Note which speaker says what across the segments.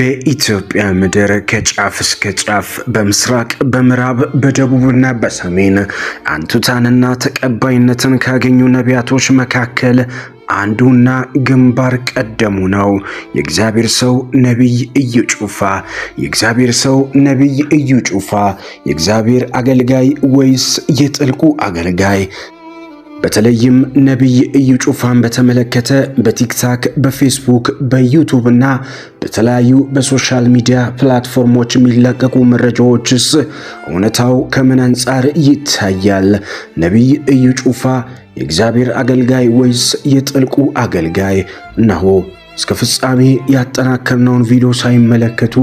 Speaker 1: በኢትዮጵያ ምድር ከጫፍ እስከ ጫፍ በምስራቅ በምዕራብ በደቡብና በሰሜን አንቱታንና ተቀባይነትን ካገኙ ነቢያቶች መካከል አንዱና ግንባር ቀደሙ ነው። የእግዚአብሔር ሰው ነቢይ እዩ ጩፋ። የእግዚአብሔር ሰው ነቢይ እዩ ጩፋ የእግዚአብሔር አገልጋይ ወይስ የጥልቁ አገልጋይ? በተለይም ነቢይ እዩ ጩፋን በተመለከተ በቲክታክ፣ በፌስቡክ፣ በዩቱብ እና በተለያዩ በሶሻል ሚዲያ ፕላትፎርሞች የሚለቀቁ መረጃዎችስ እውነታው ከምን አንጻር ይታያል? ነቢይ እዩ ጩፋ የእግዚአብሔር አገልጋይ ወይስ የጥልቁ አገልጋይ ነው? እስከ ፍጻሜ ያጠናከርነውን ቪዲዮ ሳይመለከቱ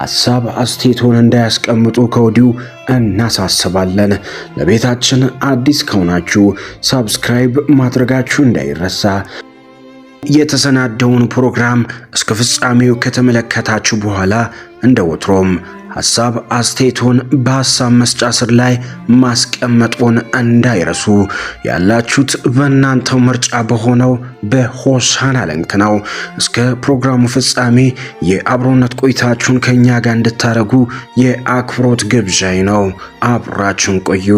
Speaker 1: ሐሳብ አስቴቶን እንዳያስቀምጡ ከወዲሁ እናሳስባለን። ለቤታችን አዲስ ከሆናችሁ ሳብስክራይብ ማድረጋችሁ እንዳይረሳ። የተሰናደውን ፕሮግራም እስከ ፍጻሜው ከተመለከታችሁ በኋላ እንደ ወትሮም ሐሳብ አስተያየቶን በሐሳብ መስጫ ስር ላይ ማስቀመጡን እንዳይረሱ። ያላችሁት በእናንተው ምርጫ በሆነው በሆሳና ለንክ ነው። እስከ ፕሮግራሙ ፍጻሜ የአብሮነት ቆይታችሁን ከእኛ ጋር እንድታደርጉ የአክብሮት ግብዣይ ነው። አብራችሁን ቆዩ።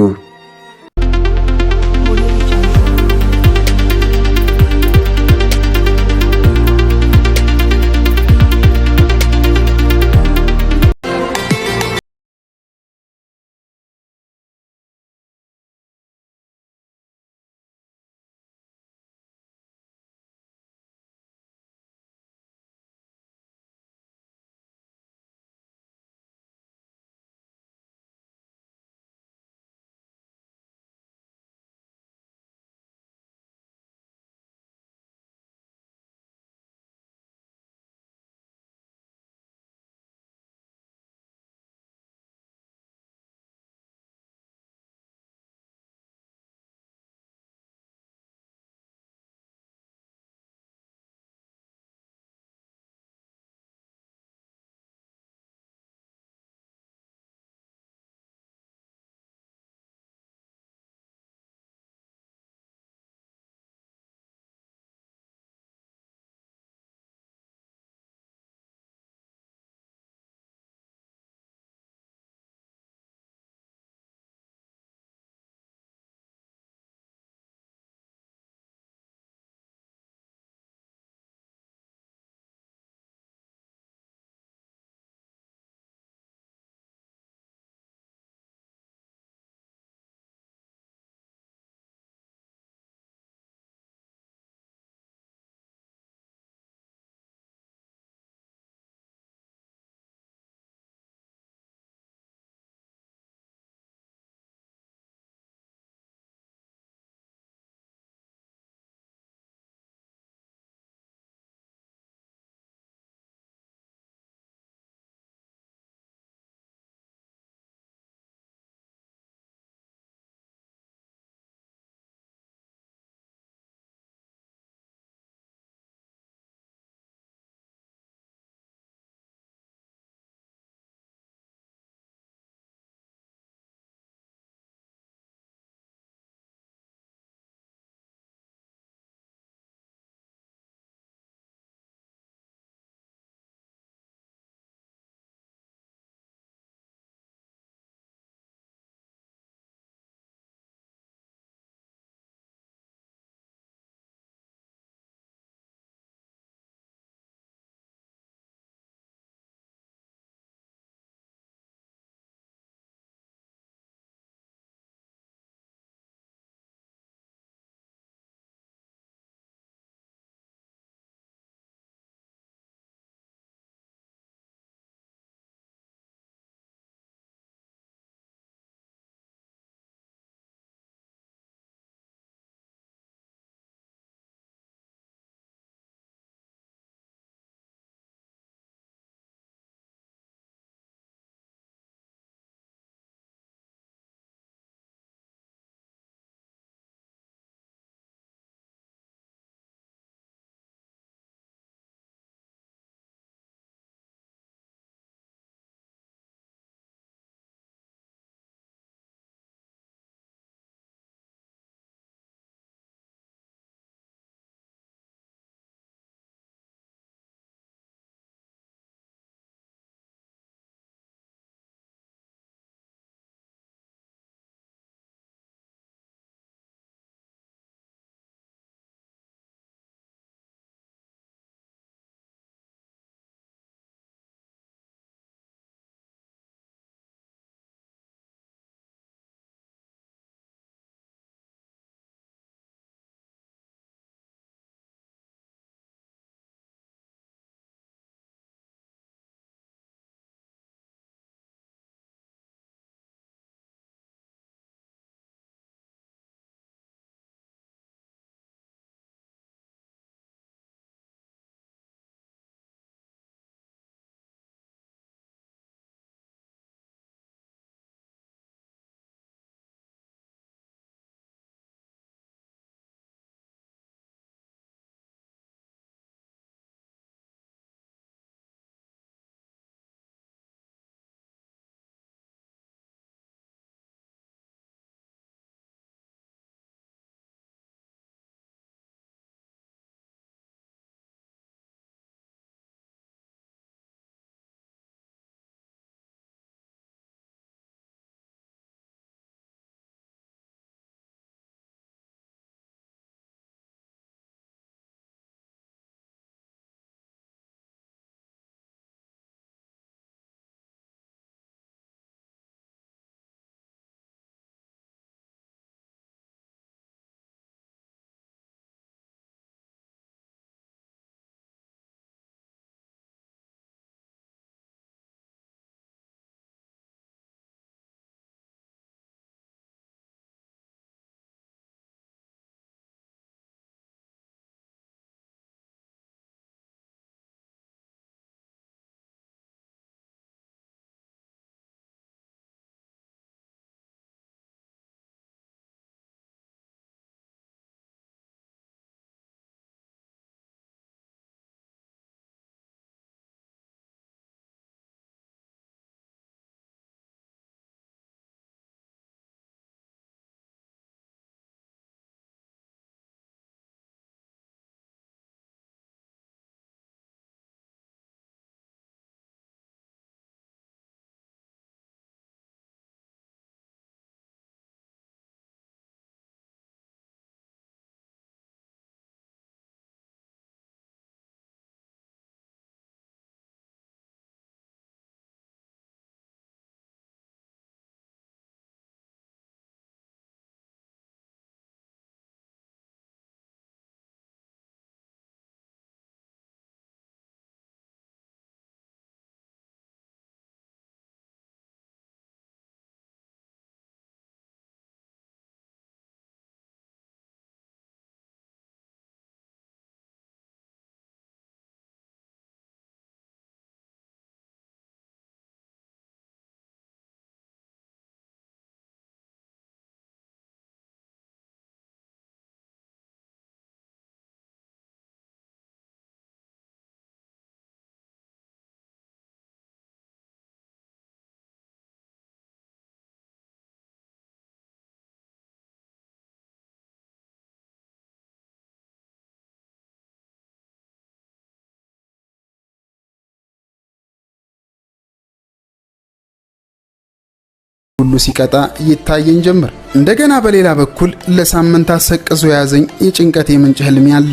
Speaker 1: ሁሉ ሲቀጣ ይታየኝ ጀምር። እንደገና በሌላ በኩል ለሳምንት አሰቅዞ የያዘኝ የጭንቀት የምንጭ ህልሜ አለ።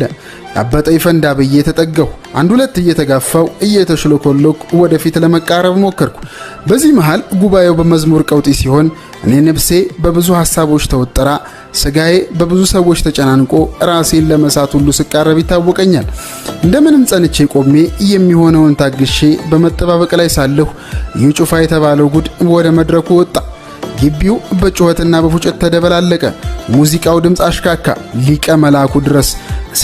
Speaker 1: ያበጠ ይፈንዳ ብዬ ተጠገሁ። አንድ ሁለት እየተጋፋው እየተሽሎኮሎኩ ወደፊት ለመቃረብ ሞከርኩ። በዚህ መሃል ጉባኤው በመዝሙር ቀውጢ ሲሆን፣ እኔ ነፍሴ በብዙ ሐሳቦች ተወጥራ፣ ስጋዬ በብዙ ሰዎች ተጨናንቆ ራሴን ለመሳት ሁሉ ስቃረብ ይታወቀኛል። እንደምንም ጸንቼ ቆሜ የሚሆነውን ታግሼ በመጠባበቅ ላይ ሳለሁ ይህ ጩፋ የተባለው ጉድ ወደ መድረኩ ወጣ። ግቢው በጩኸትና በፉጨት ተደበላለቀ። ሙዚቃው ድምፅ አሽካካ። ሊቀ መልአኩ ድረስ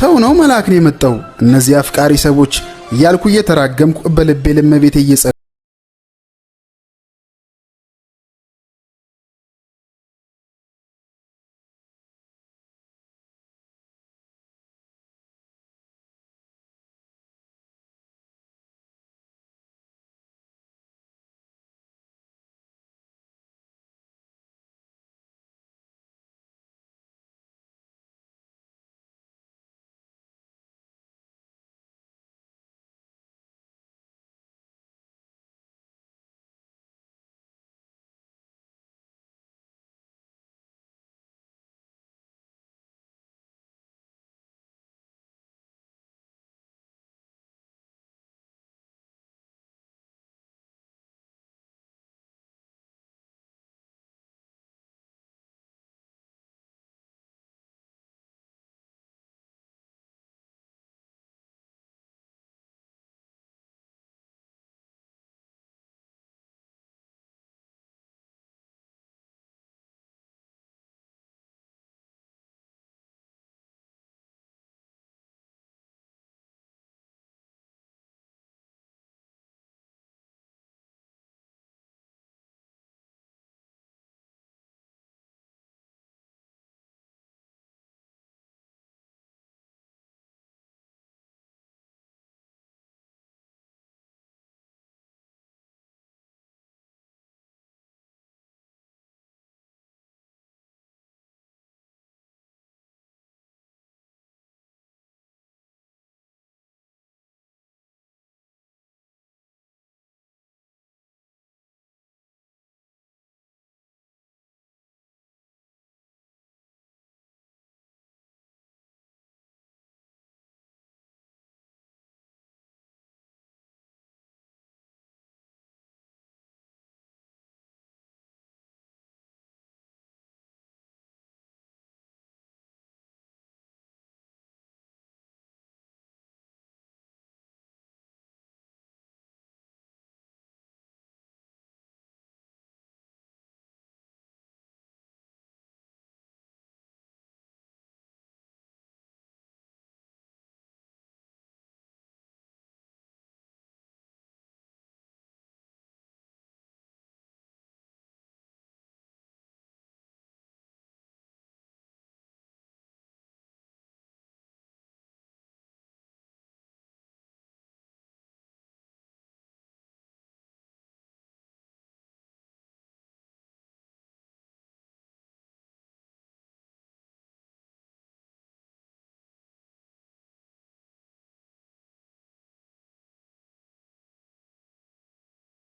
Speaker 1: ሰው ነው መልአክን የመጣው እነዚህ አፍቃሪ ሰዎች እያልኩ እየተራገምኩ በልቤ ለመቤት እየጸ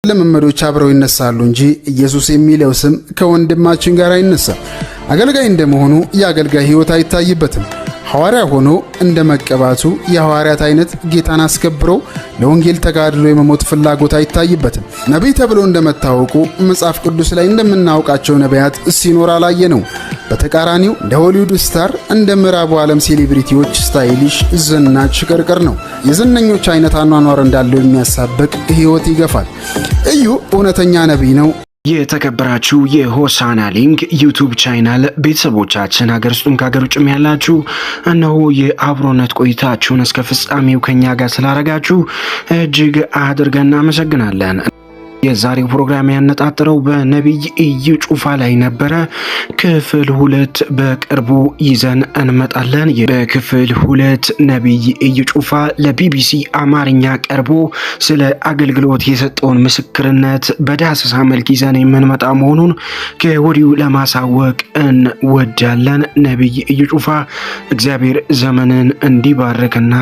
Speaker 2: ልምምዶች አብረው ይነሳሉ እንጂ ኢየሱስ የሚለው ስም ከወንድማችን ጋር አይነሳም። አገልጋይ እንደመሆኑ የአገልጋይ ሕይወት አይታይበትም። ሐዋርያ ሆኖ እንደ መቀባቱ የሐዋርያት አይነት ጌታን አስከብሮ ለወንጌል ተጋድሎ የመሞት ፍላጎት አይታይበትም። ነቢይ ተብሎ እንደመታወቁ መጽሐፍ ቅዱስ ላይ እንደምናውቃቸው ነቢያት ሲኖር አላየ ነው። በተቃራኒው እንደ ሆሊውድ ስታር፣ እንደ ምዕራቡ ዓለም ሴሌብሪቲዎች ስታይሊሽ፣ ዝናች፣ ሽቅርቅር ነው። የዝነኞች አይነት አኗኗር እንዳለው የሚያሳብቅ ሕይወት ይገፋል። እዩ እውነተኛ ነቢይ ነው።
Speaker 3: የተከበራችሁ የሆሳና ሊንክ ዩቱብ ቻናል ቤተሰቦቻችን ሀገር ውስጥም ከሀገር ውጭም ያላችሁ እነሆ የአብሮነት ቆይታችሁን እስከ ፍጻሜው ከኛ ጋር ስላረጋችሁ እጅግ አድርገን እናመሰግናለን። የዛሬው ፕሮግራም ያነጣጠረው በነቢይ እዩ ጩፋ ላይ ነበረ። ክፍል ሁለት በቅርቡ ይዘን እንመጣለን። በክፍል ሁለት ነቢይ እዩ ጩፋ ለቢቢሲ አማርኛ ቀርቦ ስለ አገልግሎት የሰጠውን ምስክርነት በዳሰሳ መልክ ይዘን የምንመጣ መሆኑን ከወዲሁ ለማሳወቅ እንወዳለን። ነቢይ እዩ ጩፋ እግዚአብሔር ዘመንን እንዲባርክና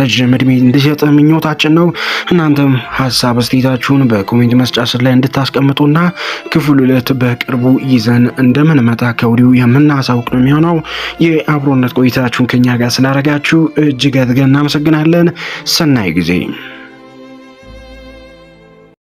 Speaker 3: ረዥም እድሜ እንዲሰጥ ምኞታችን ነው። እናንተም ሀሳብ አስተያየታችሁን በኮሜንት ኮሜንት መስጫ ስር ላይ እንድታስቀምጡና ክፍል ሁለት በቅርቡ ይዘን እንደምንመጣ ከወዲሁ የምናሳውቅ ነው የሚሆነው። የአብሮነት ቆይታችሁን ከኛ ጋር ስላደረጋችሁ እጅግ አድርገን እናመሰግናለን። ሰናይ ጊዜ